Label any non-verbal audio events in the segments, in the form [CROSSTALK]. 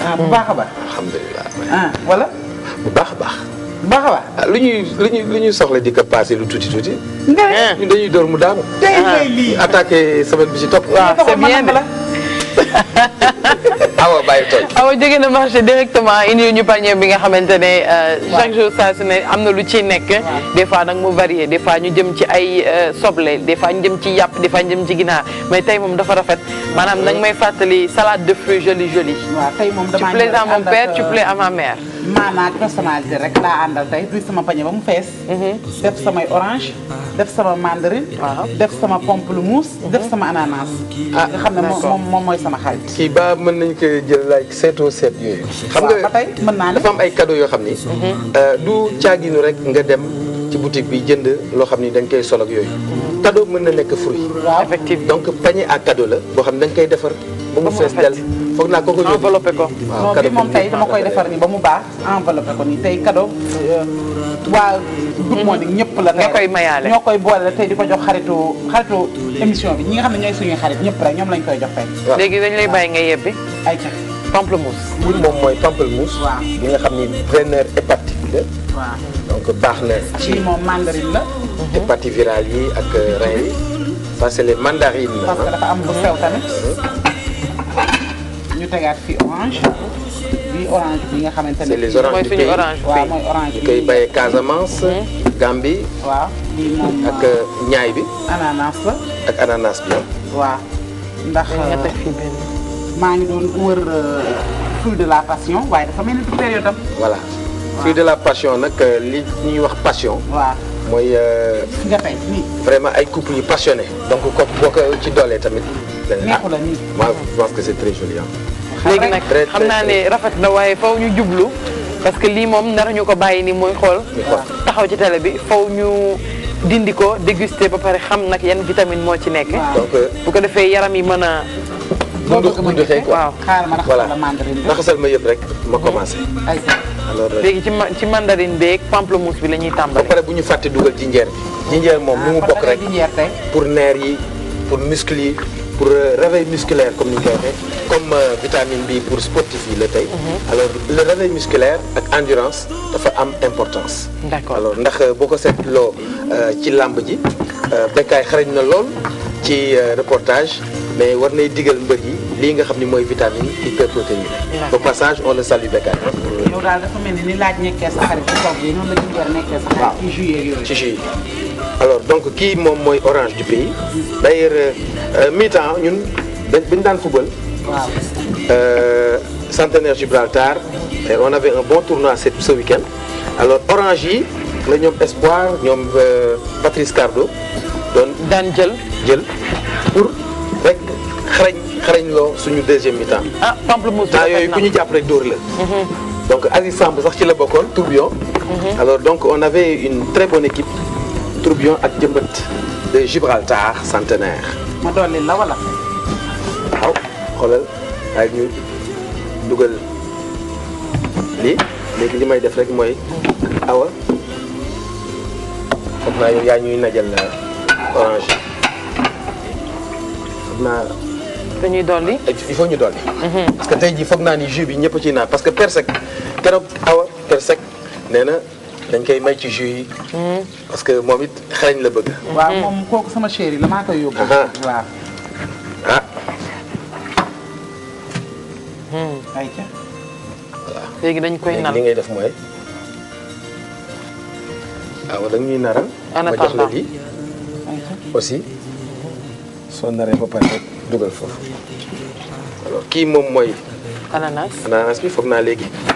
ah bu baax a baax. alhamdulilah. wala. Ah, bu baax a baax. bu baax a ah, lu ñuy lu ñuy lu ñuy soxla di ko paase lu tuuti tuuti. nga ñun eh, dañuy door mu daanu. tey ah, lii attaqué semaine bi ci topp. waaw c'est bien de [LAUGHS] awa ah bàyyi tooñ awa ah jóge na marché directement indi ñu panier bi nga xamante ne euh, chaque jour saa su ne am na lu ci nekk des fois nag mu varié des fois ñu jëm ci ay euh, soble des fois ñu jëm ci yàpp des fois ñu jëm ci ginaar mais tey moom dafa rafet maanaam nag may fàttali salade de fruits joli joli tu plais à mon père tu euh, plais à ma mère maama ak personnalité rek laa àndal tey duy sama pañe ba mu fees. Mhm. def samay orange def sama mandarine. def sama pamplemousse. Mhm. def sama ananas. ah nga xam ne moom moom mooy sama xarit. kii ba mën nañ ko jël laaj seetoo seet xam nga mën naa ne dafa am ay cadeau yoo xam ni. Mhm. Euh, du caaginu rek nga dem ci boutique bi jënd loo xam ni dañ koy sol yooyu. cadeau mën na nekk fruit. effectivement donc pañe à cadeau la boo xam ne dañ koy defar. ba mu fees del foog naa ko ko enveloppé moom tey koy defar ni ba mu baax enveloppé ko nii tey cadeau euh, waa Good Morning ñëpp la nga koy mayaale ñoo koy boole tey di ko jox xaritu xaritu émission bi ñi nga xam ne ñooy suñuy xarit ñëpp rek ñoom lañ koy jox tey léegi dañ lay bàyyi nga yebbi ay ca pamplemousse moom mooy pamplemousse bi nga xam ni draineur hépatique la donc baax na ci moom mandarine la mhm. hépatite virale yi ak rein yi ça c'est parce que dafa am lu sew tamit mhm. ñu tegaat fi orange. bi orange bi nga xamante ne. mooy suñu orange waaw mooy orange bi koy bayee Casamance. Mmh. Gambie. waaw lii moom ak euh, ñaay bi. ananas la. ak ananas bi waaw ndax euh, maa ngi doon wër euh, fruit de la passion waaye dafa mel ni du période am. voilà fruit de la passion nag li ñuy wax passion. waaw mooy. nga tey nii. vraiment ay couple yu passionné. donc kooku boo ko ci doolee tamit. neexu la nii ah, waaw je pense que c'est très joli léegi nag xam naa ne rafet na waaye faw ñu jublu parce que lii moom nar ñu ko bàyyi nii mooy xool taxaw ci télé bi faw ñu dindi ko déguster ba pare xam nag yan vitamine moo ci nekk euh, bu ko defee yaram yi mën a mundu mundu xëy quoi waaw xaar ma raxasal la mandarine raxasal ma yëpp rek ma commencé alors euh, léegi ci ci mandarine beeg pamplemousse bi la ñuy tàmbali ba bu ñu fàtte dugal jinjeer bi jinjeer moom lu mu ah, bokk rek pour neer yi pour muscle yi pour euh, réveil musculaire comme ni ñu koy euh, bi pour sportif yi la tey. Mhm. alors le réveil musculaire ak endurance dafa am importance. d'accord alors ndax euh, boo ko seet loo ci làmb ji Bécaye xarañ na lool ci reportage mais war nay digal mbër yi lii nga xam ni mooy vitamine hyperprotéine. au passage on le salue Bécaye. ci juillet yooyu alors donc kii moom mooy orange du pays d' ailleurs euh, euh, ñun dañ bi ñu daan fubal. Euh, centenaire Gibraltar on avait un bon tournoi ce week alors orange yi la ñoom Espoir ñoom Patrice Cardo doon daan jël jël pour rek xarañ xarañ loo suñu deuxième mi-temps. ah yooyu ku ñu jàpp rek dóor la. Mhm. donc Aziz Samb sax ci la bokkoon tourbillon. Mhm. alors donc on avait une très bonne équipe. tourbillon ak jëmbët de Gibraltar centenaire. ma dolli la wala. waaw xoolal ay ñu dugal lii léegi li may def rek mooy awa xam naa yow yaa ñuy najal euh, orange xam naa. dañuy dolli. Eh, il faut ñu dolli. Mhm. parce que tey jii foog naa ni jus bi ñëpp ciy naan parce que persek keroog awa persek nee dañ koy may ci jus yi. Hmm. parce que moom it xarañ la bëgg. waaw moom kooku sama chéri la maa koy yóbbu. Ah. waaw. ah. Hmm. léegi dañ koy nar li ngay def mooy. Ah, waaw da ñuy naral. Ah. ma jox la lii aussi soo naree ba pare dugal foofu. alors kii moom mooy. ananas ananas bi foog naa léegi.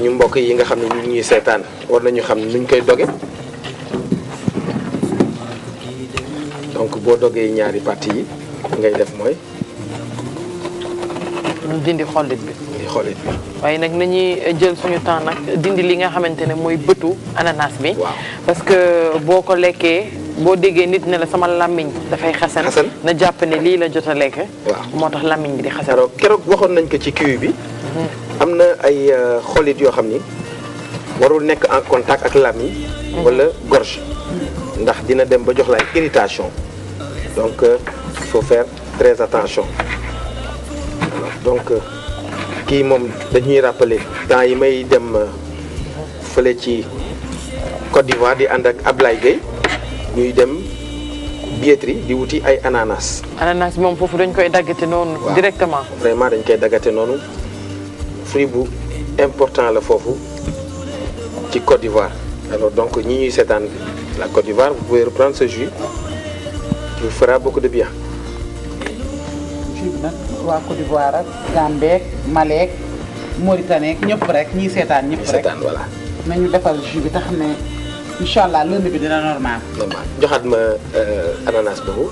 ñu mbokk yi nga xam ne ñu ñuy seetaan war nañu xam nuñ koy doge donc boo dogee ñaari parti yi ngay def mooy. dindi xollit bi. waaye nag nañuy jël suñu temps nag dindi li nga xamante ne mooy bëtu ananas bi. waaw parce que boo ko lekkee boo déggee nit ne la sama làmmiñ dafay xasan. na jàpp ne lii la jot a lekk. waaw moo tax làmmiñ bi di xasan. keroog waxoon nañ ko ci kiwi bi. Hmm. am na ay euh, xolit yoo xam ni warul nekk en contact ak lami wala gorge ndax dina dem ba jox la ay irritation donc euh, il faut faire attention donc euh, kii moom dañuy rappeler temps yi may dem fële ci Côte d'Ivoire di ànd ak ablay Gueye ñuy dem billetterie di wuti ay ananas. ananas moom foofu dañ koy daggate noonu. directement vraiment dañ koy daggate noonu. prix important la foofu ci Côte d'Ivoire alors donc ñi ñuy seetaan la Côte d'Ivoire vous pouvez reprendre ce jus qui vous fera de bien. jus bi nag waa Côte d'Ivoire ak Gambie Maleek Mauritanie ñëpp rek ñiy seetaan ñëpp rek voilà. nañu defal jus bi tax ne incha allah lënd bi dina normal. normal joxaat ma euh, ananas boobu.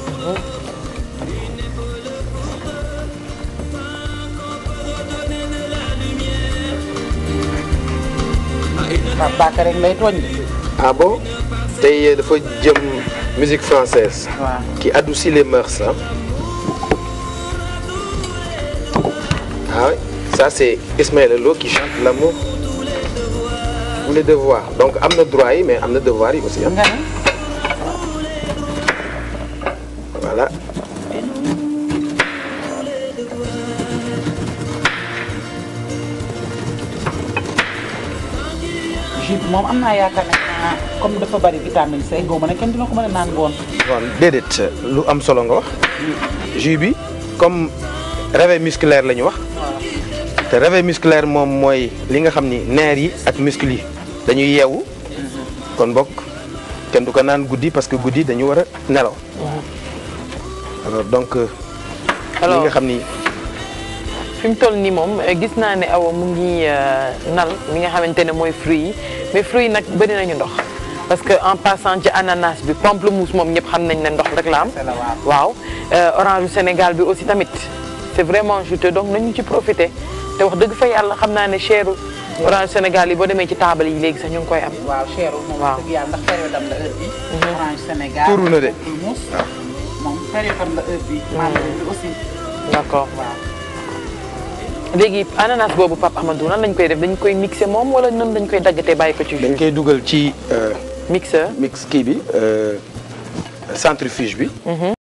bi. ah Bakar rek lay tooñ. ah bon tey dafa jëm musique française. waaw qui adoucit les mœurs ah. ah ça c'est Ismaël Lo qui chante l'amour donc am na droit yi mais am na devoir yi aussi. moom am naa yaakaar ne comme dafa bari vitamine C góob ma ne kenn dina ko mën naan ngoon. déedéet lu am solo nga wax. jus bi comme réveil musculaire la wax. te réveil musculaire moom mooy li nga xam ni neer yi ak muscle yi dañuy yeewu. Mhm. kon bokk kenn du ko naan guddi parce que guddi dañu war a nelaw. alors donc. Euh, li nga xam ni. fi mu toll nii moom gis naa ne awa mu ngi euh, nal mi nga xamante ne mooy fruit yi. mais fruits yi nag bëri nañu ndox parce que en passant ci ananas bi pamplemousse moom ñëpp xam nañ ne ndox rek la am waaw euh, orange Sénégal bi aussi tamit c'est vraiment juteux donc nañu ci profiter te wax dëgg fa yàlla xam naa ne cheru orange Sénégal yi boo demee ci taabal yi léegi sax ñu ngi koy am. waaw cheru yàlla am la heure mhm. de moom la mhm. aussi. d'accord léegi ananas boobu Pape Amadou nan lañ koy def dañ koy mixé moom wala nan dañ koy daggatee bàyyi ko ci. dañ koy dugal ci. Euh, mixeur mix kii bi euh, centrifuge bi. Mm-hmm.